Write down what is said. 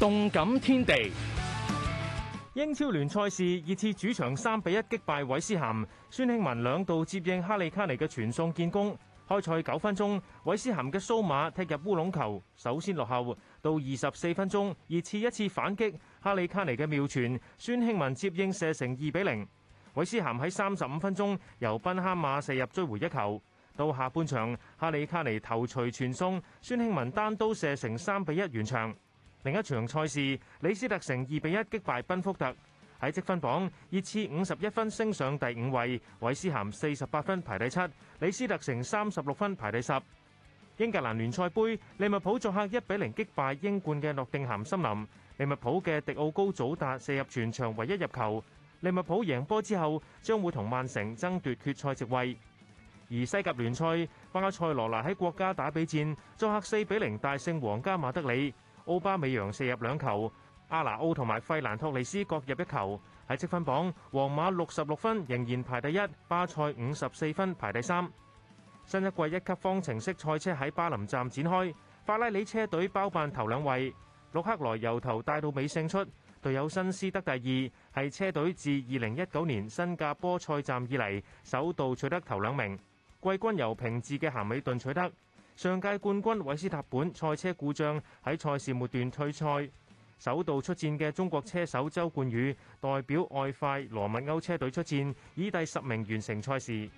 動感天地英超聯賽事，熱刺主場三比一擊敗韋斯咸。孫興慜兩度接應哈利卡尼嘅傳送建功。開賽九分鐘，韋斯咸嘅蘇馬踢入烏龍球，首先落後。到二十四分鐘，熱刺一次反擊，哈利卡尼嘅妙傳，孫興慜接應射成二比零。韋斯咸喺三十五分鐘，由賓哈馬射入追回一球。到下半場，哈利卡尼頭錘傳送，孫興慜單刀射成三比一，完場。另一場賽事，李斯特城二比一擊敗賓福特，喺積分榜，熱刺五十一分升上第五位。韋斯咸四十八分排第七，李斯特城三十六分排第十。英格蘭聯賽杯，利物浦作客一比零擊敗英冠嘅諾定咸森林，利物浦嘅迪奧高祖達射入全場唯一入球。利物浦贏波之後，將會同曼城爭奪決賽席位。而西甲聯賽，巴塞羅那喺國家打比戰作客四比零大勝皇家馬德里。歐巴美洋射入兩球，阿拿奧同埋費蘭托利斯各入一球。喺積分榜，皇馬六十六分仍然排第一，巴塞五十四分排第三。新一季一級方程式賽車喺巴林站展開，法拉利車隊包辦頭兩位，盧克萊由頭帶到尾勝出，隊友新斯得第二，係車隊自二零一九年新加坡賽站以嚟首度取得頭兩名。季軍由平治嘅咸美頓取得。上屆冠軍韋斯塔本賽車故障，喺賽事末段退賽，首度出戰嘅中國車手周冠宇代表外快羅密歐車隊出戰，以第十名完成賽事。